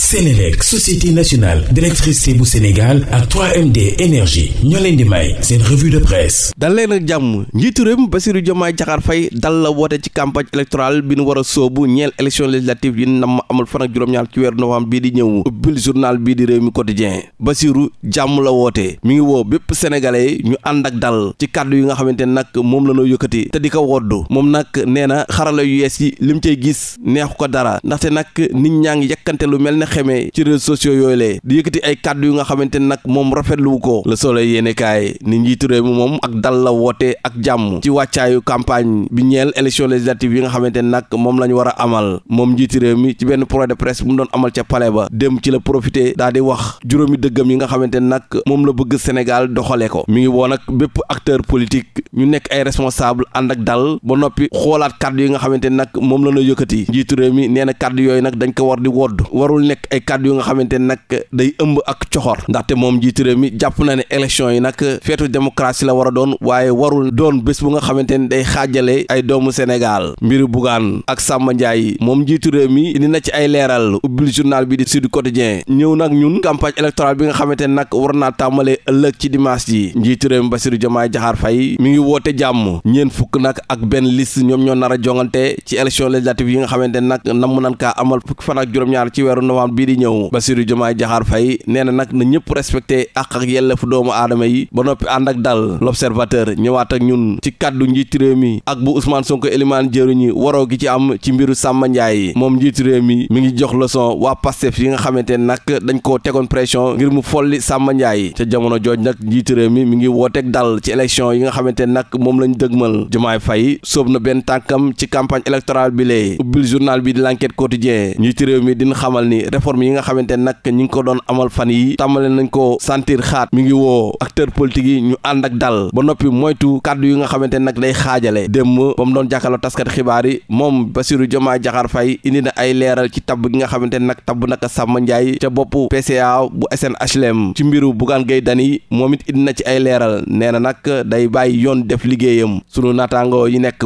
Sénélec société nationale d'électricité bu Sénégal ak 3MD énergie ñoo leen di may seen revue de presse. dal ak jàmm njiitu réew mi Bassirou Diomaye Diakhar Faye dal la woote ci campagne électorale bi nu war a soobu ñeel élection législative yi nam amal fan juróom-ñaar ci weeru novembre di ñëw ubbil journal bii di réew mi quotidien Bassirou jàmm la woote mi ngi woo bépp sénégalais ñu ànd ak dal ci kàddu yi nga xamante ne nag moom la noo yëkkati te di ko woddu moom nag nee na xarala yu yees yi lim cey gis neexu ko xemee ci réseaux sociaux yooyu lee di yëkkati ay kàddu yu nga xamante ne nag moom rafetlu ko Le Soleil yéene kaay ni njiitu réew mi moom ak dal la woote ak jàmm ci wàccaayu campagne bi ñeel élection législative yi nga xamante ne nag moom la war a amal moom njiitu réew mi ci benn point de bu mu doon amal ca palais ba dem ci la profité daal di wax juróomi dëggam yi nga xamante ne nag moom la bëgg Sénégal doxalee ko mi ngi woo nag bépp acteur politique ñu nekk ay responsable ànd ak dal ba noppi xoolaat kàdd yi nga xamante ne nag moom la ñu yëkkati njiitu réew mi nee na kàddu yooyu nag dañ ko war di wodd warul nekk ay kadd yu nga xamante ne nag day ëmb ak coxor ndaxte moom jiitu réew mi jàpp na ne élection yi nag feetu démocratie la war a doon waaye warul doon bés bu nga xamante ne day xaajale ay doomu Sénégal mbiru Bougane ak Samba Ndiaye moom jiitu réew mi indi na ci ay leeral ubbil journal bi di Sud Quotidien ñëw nag ñun campagne électorale bi nga xamante ne nag war naa tàmbalee ëllëg ci dimanche ji njiitu réew mi Bassirou Diomaye fay Faye ngi woote jàmm ñeen fukk nag ak benn liste ñoom ñoo nar a jongante ci élection législative yi nga xamante ne nag namm nan kaa amal fukki fan ak juróom-ñaar ci weeru gouvernement bii di ñëw Bassirou Diomaye Diakhar Faye nee nag na ñëpp respecté àq ak yellefu doomu aadama yi ba noppi ànd ak dal l'observateur ñëwaat ak ñun ci kàddu njiitu réew mi ak bu Ousmane Sonko Eliman jëruñi waroo gi ci am ci mbiru Samba Ndiaye moom njiitu mi mi ngi jox leçon waa Pastef yi nga xamante ne nag dañ koo tegoon pression ngir mu folli Samba Ndiaye ca jamono jooj nag njiitu réew mi mi ngi wooteeg dal ci élection yi nga xamante ne nag moom lañ dëgmal Diomaye Faye sóob na benn tànkam réforme yi nga xamante ne nag ñi ngi ko doon amal fan yi tàmbale nañ ko sentir xaat mi ngi woo acteur politique yi ñu ànd ak dal ba noppi moytu kàddu yi nga xamante ne nag day xaajale démb ba mu doon jàkkaarloo taskat xibaar yi moom Bassirou Diomaye Diakhar Faye indi na ay leeral ci tabb gi nga xamante ne nag tabb naka Samba Ndiaye ca boppu PCA bu SNHLM ci mbiru Bougane Gueye Dany moom it indi na ci ay leeral nee na nag day bàyyi yoon def liggéeyam sunu naataango yi nekk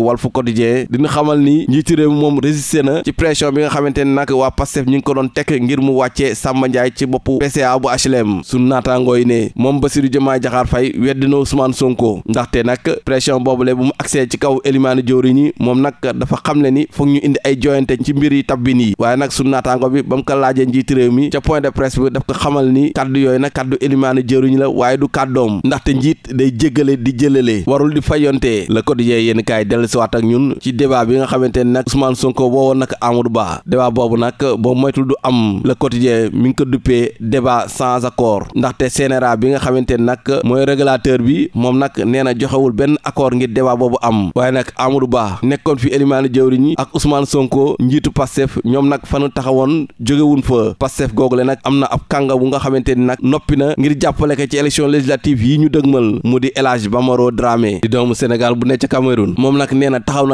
na ci pression bi nga xamante ne nag waa Pastef ñi ngi ko doon tekk dëkk ngir mu wàccee Samba Ndiaye ci boppu PCA bu HLM sunu naataangoo yi ne moom Bassirou Diomaye Diakhar Faye weddi na Ousmane Sonko ndaxte nag pression boobule bu mu agsee ci kaw Elimane jawriñ yi moom nag dafa xam ne ni foog ñu indi ay joyante ci mbir yi tabbin yi waaye nag sunu naataango bi ba mu ko laajee njiiti réew mi ca point de presse bi daf ko xamal ni kaddu yooyu nag kaddu Elimane jawriñ la waaye du kàddoom ndaxte njiit day jéggale di jëlale warul di fayontee Le Quotidien yéen kaay dellusiwaat ak ñun ci débat bi nga xamante ne nag Ousmane Sonko woowoon nag Amadou Ba débat boobu nag boo moytul du moom le quotidien mi ngi sans accord ndaxte CNRA bi nga xamante nag mooy régulateur bi moom nag nee na joxewul benn accord ngir débat boobu am waaye nag Amadou Ba nekkoon fi élimaani jëwriñ yi ak Ousmane Sonko njiitu Pastef ñoom nag fanu taxawoon jógewun fa Pastef googule nag am na ab kànga bu nga xamante ni noppi na ngir jàppale ko ci élection législative yi ñu dëgmal mu di El Hadj Bamaro di doomu Sénégal bu nekk ca Cameroun moom nag na taxaw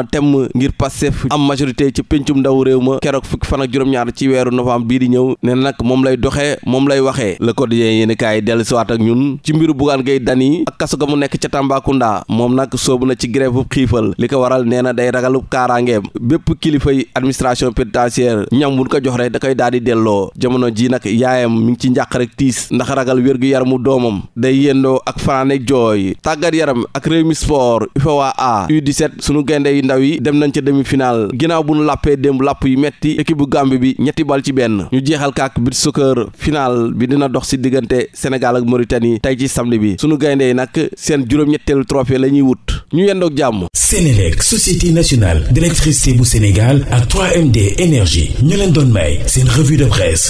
di ñëw ne nag moom lay doxee moom lay waxee le quotidien yéen kaay dellu siwaat ak ñun ci mbiru Bougane Gueye Dany ak kaso ga mu nekk ca Tambacounda moom nag soobu na ci grève xiifal li ko waral nee na day ragalub kaaraangeem bépp kilifa yi administration pénitentiaire ñam buñ ko jox rek da koy daal di delloo jamono ji nag yaayam mi ngi ci njàq rek tiis ndax ragal wér-gu-yaramu doomam day yendoo ak fanaanek jooy tàggat yaram ak réew mi sport sunu gaynde yu ndaw yi dem nañ ca demi-finale ginnaaw bu ñu làppee démb yu metti équipe bu bi ñetti bal ci benn ñu jeexal kaak beach soccer final bi dina dox si diggante Sénégal ak Mauritanie tey ci samedi bi sunu gaynde yi nag seen juróom-ñetteelu trophée la ñuy wut ñu yendoog jàmm. Sénélec société nationale d'électricité bu Sénégal ak 3MD énergie ñu leen doon may seen revue de presse.